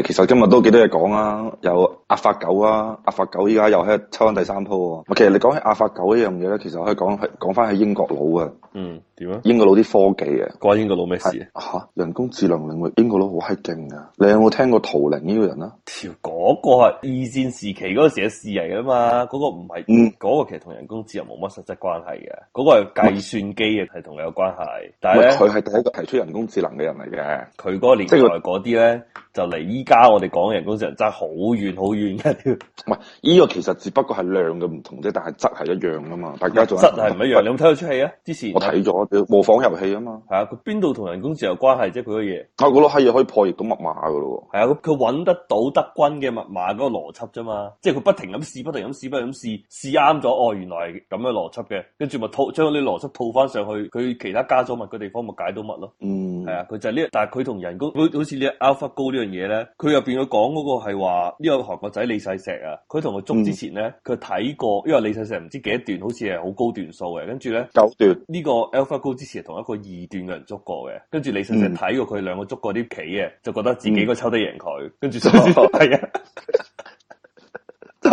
其實今日都幾多嘢講啊，有阿法狗啊，阿法狗而家又喺度抽緊第三鋪。其實你講起阿法狗呢樣嘢咧，其實可以講講翻係英國佬啊。嗯。英國佬啲科技嘅、啊，關英國佬咩事啊？吓、啊，人工智能領域英國佬好閪勁啊。你有冇聽過圖靈呢個人啊？條、那、嗰個係二戰時期嗰時嘅事嚟噶嘛？嗰、那個唔係，嗰、嗯那個其實同人工智能冇乜實質關係嘅。嗰、那個係計算機嘅，係同你有關係。但係佢係第一個提出人工智能嘅人嚟嘅。佢嗰個年代嗰啲咧，就離依家我哋講嘅人工智能真係好遠好遠嘅。唔、嗯、係，呢、這個其實只不過係量嘅唔同啫，但係質係一樣噶嘛。大家就質係唔一樣。你有冇睇嗰出戲啊？之前我睇咗。模仿遊戲啊嘛，係啊，佢邊度同人工智能有關係啫？佢嗰嘢，啊，我覺得可以破譯到密碼噶咯喎，係啊，佢揾得到德軍嘅密碼嗰個邏輯啫嘛，即係佢不停咁試，不停咁試，不停咁試，試啱咗哦，原來係咁嘅邏輯嘅，跟住咪套將啲邏輯套翻上去，佢其他加咗乜嘅地方咪解到乜咯，嗯，係啊，佢就係、呢個、呢，但係佢同人工好似呢 AlphaGo 呢樣嘢咧，佢入邊佢講嗰個係話呢個韓國仔李世石啊，佢同佢捉之前咧，佢、嗯、睇過，因為李世石唔知幾多段，好似係好高段數嘅，跟住咧九段呢、呢個 Alpha 高之前同一個二段嘅人捉過嘅，跟住李世石睇過佢兩個捉過啲棋嘅，嗯、就覺得自己個抽得贏佢，跟住係啊，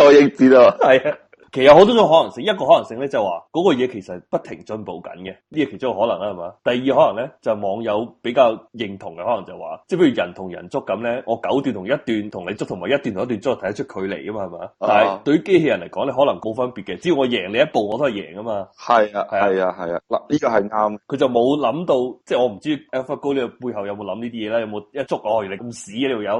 我應知啦，啊。其實好多種可能性，一個可能性咧就話嗰個嘢其實不停進步緊嘅，呢個其中有可能啦，係嘛？第二可能咧就是、網友比較認同嘅，可能就話，即係譬如人同人捉咁咧，我九段同一段同你捉，同埋一段同一段捉睇得出距離啊嘛，係嘛？但係對於機器人嚟講咧，你可能冇分別嘅，只要我贏你一步，我都係贏啊嘛。係啊，係啊，係啊，嗱呢個係啱。佢就冇諗到，即係我唔知 AlphaGo 呢個背後有冇諗呢啲嘢咧？有冇一捉我，原來咁屎嘅隊友？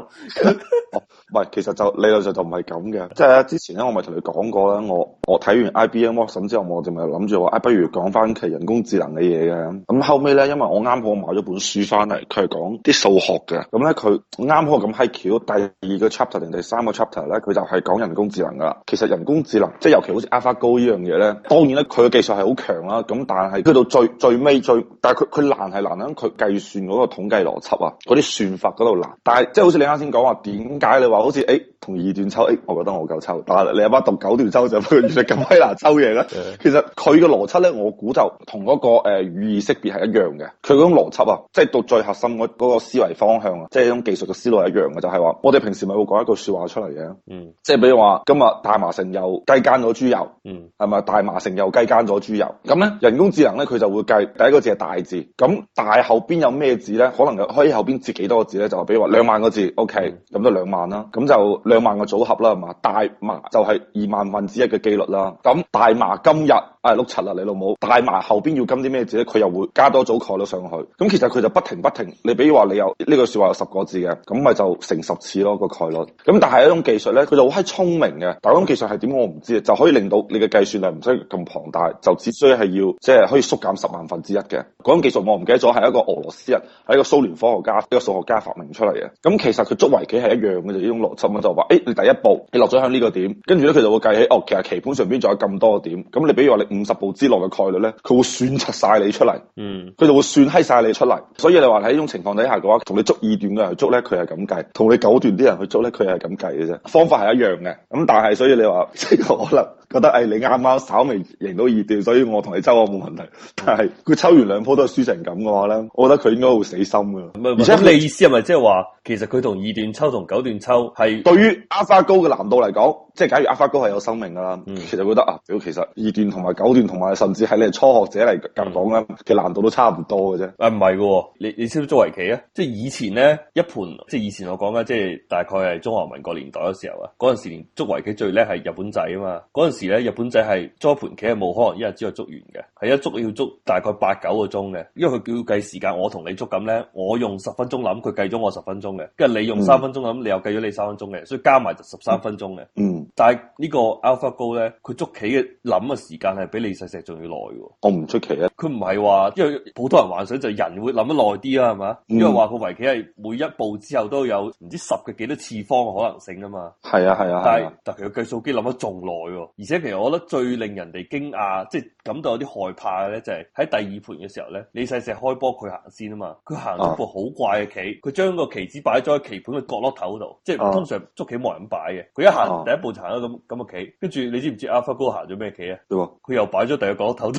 唔係，其實就理論上就唔係咁嘅，即係之前咧我咪同你講過啦，我。我睇完 IBM Watson 之後，我就咪諗住話，不如講翻其人工智能嘅嘢嘅。咁後尾咧，因為我啱好我買咗本書翻嚟，佢係講啲數學嘅。咁咧佢啱好咁啱橋，第二個 chapter 定第三個 chapter 咧，佢就係講人工智能噶啦。其實人工智能，即係尤其好似 AlphaGo 呢樣嘢咧，當然咧佢嘅技術係好強啦。咁但係去到最最尾最，但係佢佢難係難喺佢計算嗰個統計邏輯啊，嗰啲算法嗰度難。但係即係好似你啱先講話，點解你話好似誒？欸同二段抽，哎，我覺得我夠抽，但係你阿媽，媽讀九段抽就會越嚟咁威啦，抽嘢咧。其實佢嘅邏輯咧，我估就同嗰、那個誒、呃、語義識別係一樣嘅。佢嗰種邏輯啊，即、就、係、是、讀最核心嗰個思維方向啊，即、就、係、是、一種技術嘅思路係一樣嘅，就係、是、話我哋平時咪會講一句説話出嚟嘅，嗯，即係比如話今日大麻城又雞姦咗豬油，嗯，係咪大麻城又雞姦咗豬油？咁咧人工智能咧佢就會計第一個字係大字，咁大後邊有咩字咧？可能可以後邊接幾多個字咧？就係比如話兩萬個字，OK，咁、嗯、就兩萬啦，咁就。兩萬個組合啦，係嘛？大麻就係二萬分之一嘅幾率啦。咁大麻今日。啊，六七啦，你老母帶埋後邊要跟啲咩字咧？佢又會加多組概率上去。咁其實佢就不停不停。你比如話你有呢句説話有十個字嘅，咁咪就成十次咯個概率。咁但係一種技術咧，佢就好閪聰明嘅。但係嗰種技術係點我唔知就可以令到你嘅計算量唔使咁龐大，就只需要係要即係可以縮減十萬分之一嘅。嗰種技術我唔記得咗，係一個俄羅斯人，係一個蘇聯科學家、一個數學家發明出嚟嘅。咁其實佢捉圍棋係一樣嘅，就呢種邏輯咁就話，誒、哎、你第一步你落咗喺呢個點，跟住咧佢就會計起，哦其實棋盤上邊仲有咁多個點。咁你比如話你。五十步之內嘅概率咧，佢會算出曬你出嚟，佢、嗯、就會算閪曬你出嚟。所以你話喺呢種情況底下嘅話，同你捉二段嘅人去捉咧，佢係咁計；同你九段啲人去捉咧，佢係咁計嘅啫。方法係一樣嘅，咁但係所以你話，即係可能覺得誒、哎，你啱啱稍微贏到二段，所以我同你抽我冇問題。嗯、但係佢抽完兩鋪都係輸成咁嘅話咧，我覺得佢應該會死心嘅。唔係，而且你意思係咪即係話，其實佢同二段抽同九段抽係對於 AlphaGo 嘅難度嚟講？即係假如 AlphaGo 係有生命㗎啦、嗯，其實覺得啊，屌其實二段同埋九段同埋甚至係你初學者嚟嚟講咧，嘅、嗯、難度都差唔多嘅啫。誒唔係嘅喎，你你知唔知捉圍棋啊？即係以前咧一盤，即係以前我講啦，即係大概係中華民國年代嘅時候啊，嗰陣時連捉圍棋最叻係日本仔啊嘛。嗰陣時咧日本仔係捉一盤棋係冇可能一日之內捉完嘅，係一捉要捉大概八九個鐘嘅。因為佢叫計時間，我同你捉咁咧，我用十分鐘諗，佢計咗我十分鐘嘅，跟住你用三分鐘諗、嗯，你又計咗你三分鐘嘅，所以加埋就十三分鐘嘅。嗯。嗯但係呢個 AlphaGo 咧，佢捉棋嘅諗嘅時間係比李世石仲要耐喎、哦。我唔出奇啊！佢唔係話，因為普通人幻想就人會諗得耐啲啦，係嘛、嗯？因為話佢圍棋係每一步之後都有唔知十嘅幾多次方嘅可能性啊嘛。係啊，係啊，啊，但係，但係佢計數機諗得仲耐喎。而且，其實我覺得最令人哋驚訝，即、就、係、是、感到有啲害怕嘅咧，就係、是、喺第二盤嘅時候咧，李世石開波佢行先啊嘛。佢行咗步好怪嘅棋，佢、啊、將個棋子擺咗喺棋盤嘅角落頭度，即、就、係、是、通常捉棋冇人擺嘅。佢一行第一步、啊。殘咁咁個棋。跟住你知唔知道 AlphaGo 行咗咩企啊？佢又擺咗第二個頭都，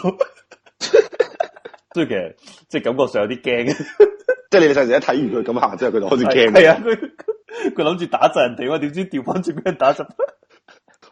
所以其實即係、就是、感覺上有啲驚 即係你哋成日一睇完佢咁行之後，佢就開始驚。係啊，佢佢諗住打實人哋，點知掉翻轉俾人打實。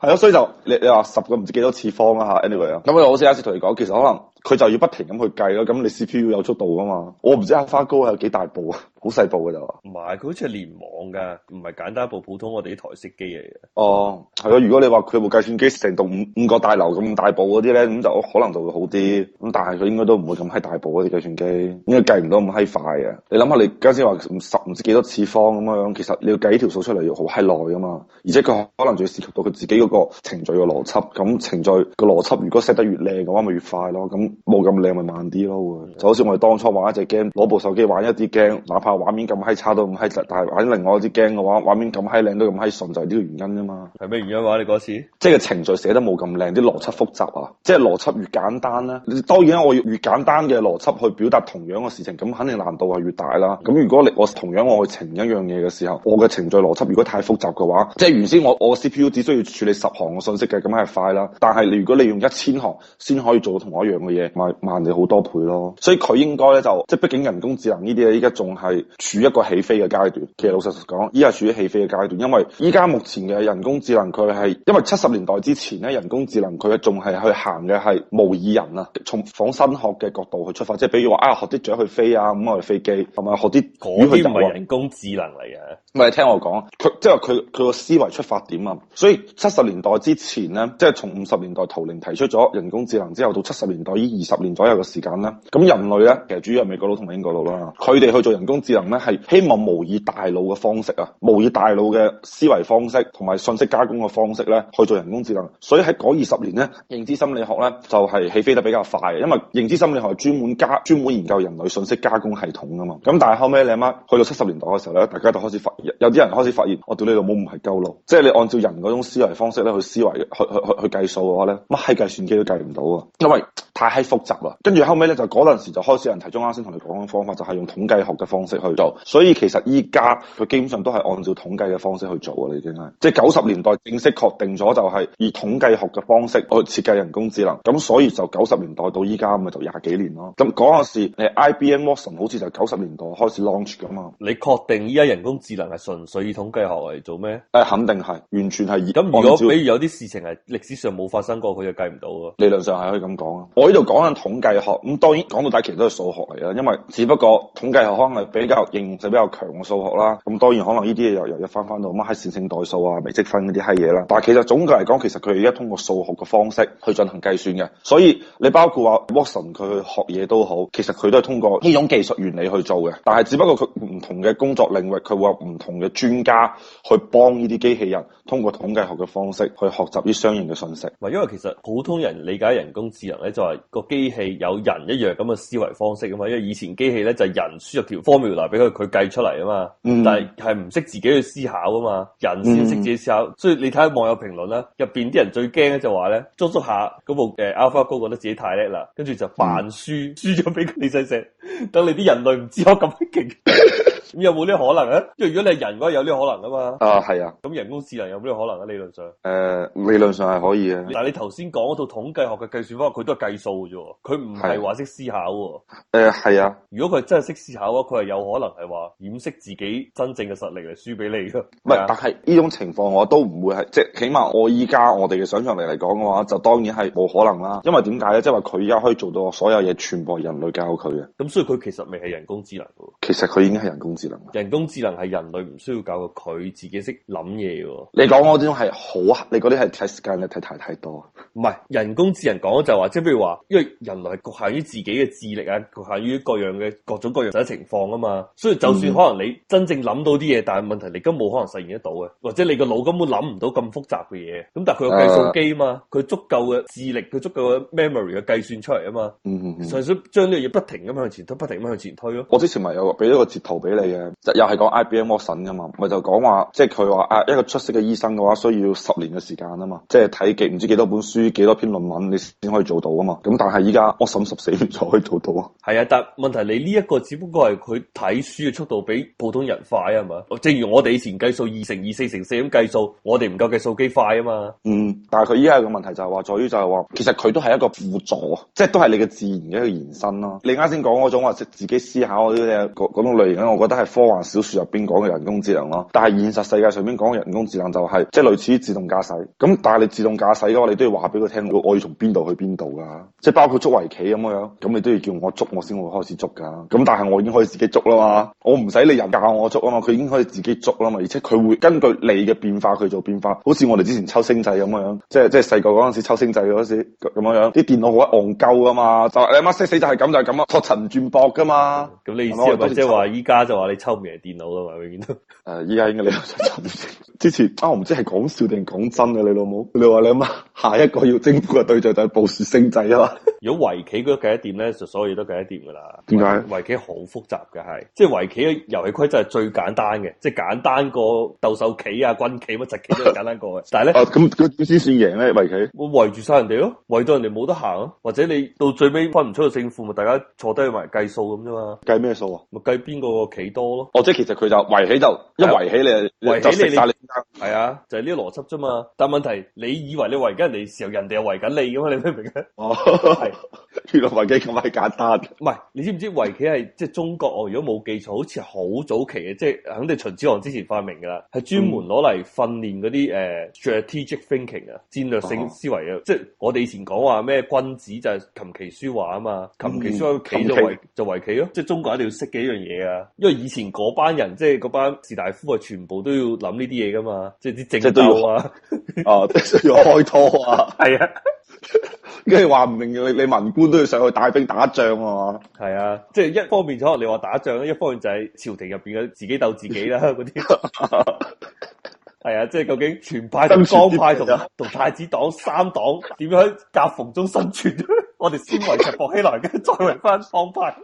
係咯，所以就你你話十個唔知幾多次方啦、啊、吓。Anyway 啊，咁啊，我先開次同你講，其實可能佢就要不停咁去計咯。咁你 CPU 有速度噶嘛？我唔知阿花哥 h a 幾大步。好細部嘅就，唔係佢好似係連網㗎，唔係簡單一部普通我哋啲台式機嚟嘅。哦，係咯。如果你話佢部計算機成棟五五個大樓咁大部嗰啲咧，咁就可能就會好啲。咁但係佢應該都唔會咁閪大部嗰啲計算機，應該計唔到咁閪快啊。你諗下你，你家先話十唔知幾多次方咁樣，其實你要計條數出嚟要好閪耐啊嘛。而且佢可能仲要涉及到佢自己嗰個程序嘅邏輯。咁程序個邏輯如果 set 得越靚嘅話，咪越快咯。咁冇咁靚咪慢啲咯。就好似我哋當初玩一隻 game，攞部手機玩一啲 game，哪怕啊！畫面咁閪差都咁閪實，但係喺另外一啲 game 嘅話，畫面咁閪靚都咁閪順，就係、是、呢個原因啫嘛。係咩原因話、啊、你嗰次？即係個程序寫得冇咁靚，啲邏輯複雜啊！即係邏輯越簡單咧，當然我越簡單嘅邏輯去表達同樣嘅事情，咁肯定難度係越大啦。咁、嗯、如果你我同樣我去程一樣嘢嘅時候，我嘅程序邏輯如果太複雜嘅話，即係原先我我 C P U 只需要處理十行嘅信息嘅，咁係快啦。但係如果你用一千行先可以做到同一樣嘅嘢，慢慢你好多倍咯。所以佢應該咧就即係畢竟人工智能呢啲嘢，依家仲係。處於一個起飛嘅階段，其實老實講，依係處於起飛嘅階段，因為依家目前嘅人工智能佢係，因為七十年代之前咧，人工智能佢仲係去行嘅係模擬人啊，從仿生學嘅角度去出發，即係比如話啊學啲雀去飛啊咁我哋飛機，同埋學啲嗰啲唔係人工智能嚟嘅，唔係聽我講，佢即係佢佢個思維出發點啊，所以七十年代之前咧，即係從五十年代圖靈提出咗人工智能之後，到七十年代依二十年左右嘅時間咧，咁人類咧其實主要係美國佬同埋英國佬啦，佢哋去做人工。智能咧係希望模擬大腦嘅方式啊，模擬大腦嘅思維方式同埋信息加工嘅方式咧，去做人工智能。所以喺嗰二十年咧，認知心理學咧就係起飛得比較快，因為認知心理學係專門加專門研究人類信息加工系統啊嘛。咁但係後尾你阿媽去到七十年代嘅時候咧，大家就開始發，有啲人開始發現，我對呢個冇唔係夠腦，即係你按照人嗰種思維方式咧去思維，去去去去計數嘅話咧，乜係計算機都計唔到啊，因為。太複雜啦，跟住後尾咧就嗰陣時就開始有人提，中啱先同你講嘅方法就係用統計學嘅方式去做，所以其實依家佢基本上都係按照統計嘅方式去做啊！你已經係即係九十年代正式確定咗就係以統計學嘅方式去設計人工智能，咁所以就九十年代到依家咪就廿幾年咯。咁嗰陣時你，IBM Watson 好似就九十年代開始 launch 嘅嘛。你確定依家人工智能係純粹以統計學嚟做咩？誒肯定係，完全係以咁，如果比如有啲事情係歷史上冇發生過，佢就計唔到啊！理論上係可以咁講啊，喺度講緊統計學，咁當然講到底其實都係數學嚟啦，因為只不過統計學可能係比較應用性比較強嘅數學啦。咁當然可能呢啲嘢又又要翻翻到乜閪線性代數啊、微積分呢啲閪嘢啦。但其實總嘅嚟講，其實佢而家通過數學嘅方式去進行計算嘅。所以你包括話 Watson 佢去學嘢都好，其實佢都係通過呢種技術原理去做嘅。但係只不過佢唔同嘅工作領域，佢會有唔同嘅專家去幫呢啲機器人通過統計學嘅方式去學習啲相應嘅信息。因為其實普通人理解人工智能咧，就係個機器有人一樣咁嘅思維方式噶嘛，因為以前機器咧就係人輸入條 formula 俾佢，佢計出嚟啊嘛，但係係唔識自己去思考啊嘛，人先識自己思考，嗯、所以你睇下網友評論啦，入邊啲人最驚咧就話咧，捉捉下嗰部誒 AlphaGo 覺得自己太叻啦，跟住就扮輸，輸咗俾李世石，等你啲人類唔知我咁勁。 有冇呢可能咧？即係如果你係人嘅話，有呢可能噶嘛？啊，係啊。咁人工智能有冇呢可能咧？理論上誒、呃，理論上係可以嘅。但你頭先講嗰套統計學嘅計算方法，佢都係計數嘅啫，佢唔係話識思考。誒，係啊。如果佢真係識思考嘅話，佢係有可能係話掩飾自己真正嘅實力嚟輸俾你噶。唔係、啊，但係呢種情況我都唔會係，即係起碼我依家我哋嘅想象力嚟講嘅話，就當然係冇可能啦。因為點解咧？即係話佢而家可以做到所有嘢全部係人類教佢嘅。咁所以佢其實未係人，人工智能。其實佢已經係人工。人工智能係人類唔需要教嘅，佢自己識諗嘢喎。你講嗰種係好啊，你嗰啲係睇時間，你睇太太多。唔係人工智能講就話、係，即係譬如話，因為人類係局限於自己嘅智力啊，局限於各樣嘅各種各樣嘅情況啊嘛。所以就算可能你真正諗到啲嘢、嗯，但係問題你根本冇可能實現得到啊，或者你個腦根本諗唔到咁複雜嘅嘢。咁但係佢有計數機啊嘛，佢足夠嘅智力，佢足夠嘅 memory 嘅計算出嚟啊嘛。嗯嗯嗯。純粹、嗯嗯嗯、將呢啲嘢不停咁向前推，不停咁向前推咯。我之前咪有俾咗個，個截圖俾你。又係講 IBM Watson 噶嘛，咪就講話即係佢話啊，一個出色嘅醫生嘅話，需要十年嘅時間啊嘛，即係睇極唔知幾多本書、幾多篇論文，你先可以做到啊嘛。咁但係依家 Watson 十四年就可以做到啊。係啊，但係問題你呢一個只不過係佢睇書嘅速度比普通人快啊嘛。正如我哋以前計數二乘二、四乘四咁計數，我哋唔夠計數機快啊嘛。嗯，但係佢依家有個問題就係話在於就係話，其實佢都係一個輔助，即係都係你嘅自然嘅一個延伸咯。你啱先講嗰種話食自己思考嗰啲嘅種類型咧，我覺得。係科幻小說入邊講嘅人工智能咯，但係現實世界上面講嘅人工智能就係、是、即係類似於自動駕駛咁，但係你自動駕駛嘅話，你都要話俾佢聽，我要從邊度去邊度噶，即係包括捉圍棋咁樣，咁你都要叫我捉，我先會開始捉噶咁但係我已經可以自己捉啦嘛，我唔使理人教我捉啊嘛，佢已經可以自己捉啦嘛，而且佢會根據你嘅變化去做變化，好似我哋之前抽星仔咁樣樣，即係即係細個嗰陣時抽星仔嗰陣時咁樣樣，啲電腦好戇鳩噶嘛，就你、哎、媽死死就係咁就咁、是、啊，托陳轉薄噶嘛，咁你意思是是是即係話依家就話？你抽唔贏電腦噶嘛？永遠都。誒，依家應該你老母之前啊，我唔知係講笑定講真嘅。你老母，你話你諗吓下一個要征服嘅對象就係布士星際啊嘛？如果圍棋都計得掂咧，就所有都計得掂噶啦。點解？圍棋好複雜嘅係，即係圍棋嘅遊戲規則係最簡單嘅，即係簡單過鬥獸棋啊、軍棋乜、直棋都簡單過嘅。 但係咧，咁、uh,，咁先算贏咧？圍棋我圍住晒人哋咯，圍到人哋冇得行咯，或者你到最尾分唔出個勝負咪，大家坐低去埋計數咁啫嘛。計咩數啊？咪計邊個個棋多咯，哦，即係其實佢就圍起就一圍起你，你，啊，圍起你就蝕晒你，係啊，就係呢啲邏輯啫嘛。但問題，你以為你圍緊人哋時候，人哋又圍緊你噶嘛？你明唔明咧？哦，係。 原來圍棋咁係簡單，唔係你知唔知圍棋係即係中國？我如果冇記錯，好似好早期嘅，即係肯定秦始皇之前發明噶啦，係專門攞嚟訓練嗰啲誒 strategic thinking 啊戰略性思維啊，即係我哋以前講話咩君子就係琴棋書畫啊嘛，琴棋書畫、嗯、就圍就圍棋咯，即係中國一定要識幾樣嘢啊，因為以前嗰班人即係嗰班士大夫啊，全部都要諗呢啲嘢噶嘛，即係啲政鬥，都要 啊，啊，要開拖啊，係 啊。跟住話唔明白，你你文官都要上去帶兵打仗喎。係啊，即係一方面可能你話打仗，一方面就係朝廷入邊嘅自己鬥自己啦。嗰啲係啊，即係究竟全派、江派同同太子黨三黨點樣喺夾縫中生存？我哋先維持薄熙來嘅，再維翻江派。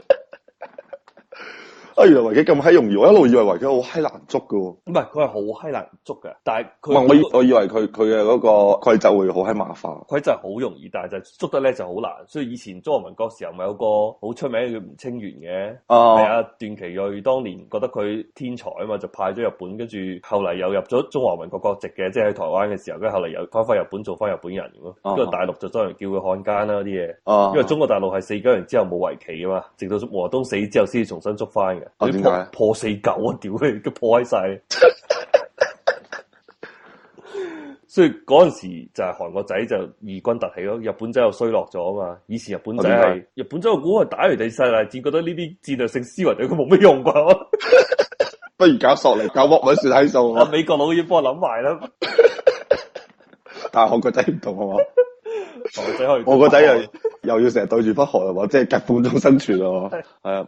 哎呀，原來圍棋咁閪容易，我一路以為圍棋好閪難捉嘅喎。唔係，佢係好閪難捉嘅，但係佢唔係我以為佢佢嘅嗰個規則會好閪麻煩。規則好容易，但係就捉得咧就好難。所以以前中華民國時候咪有個好出名嘅吳清源嘅，係、uh -huh. 啊段祺瑞當年覺得佢天才啊嘛，就派咗日本，跟住後嚟又入咗中華民國國籍嘅，即係喺台灣嘅時候，跟住後嚟又翻返日本做返日本人咁咯。Uh -huh. 因為大陸就多人叫佢漢奸啦啲嘢，uh -huh. 因為中國大陸係四九年之後冇圍棋啊嘛，直到毛澤東死之後先重新捉翻嘅。點、哦、破，破四九啊？屌佢，都破喺晒。所以嗰陣時就係韓國仔就異軍突起咯，日本仔又衰落咗啊嘛。以前日本仔係日本仔，我估係打完地勢大戰，覺得呢啲戰略性思維對佢冇咩用啩？ 不如搞索嚟，搞剝搵算喺數。我 美國佬已經幫我諗埋啦。 但係韓 國仔唔同啊嘛，我個仔又又要成日對住北韓啊嘛，即係喺夾縫中生存 啊，係啊。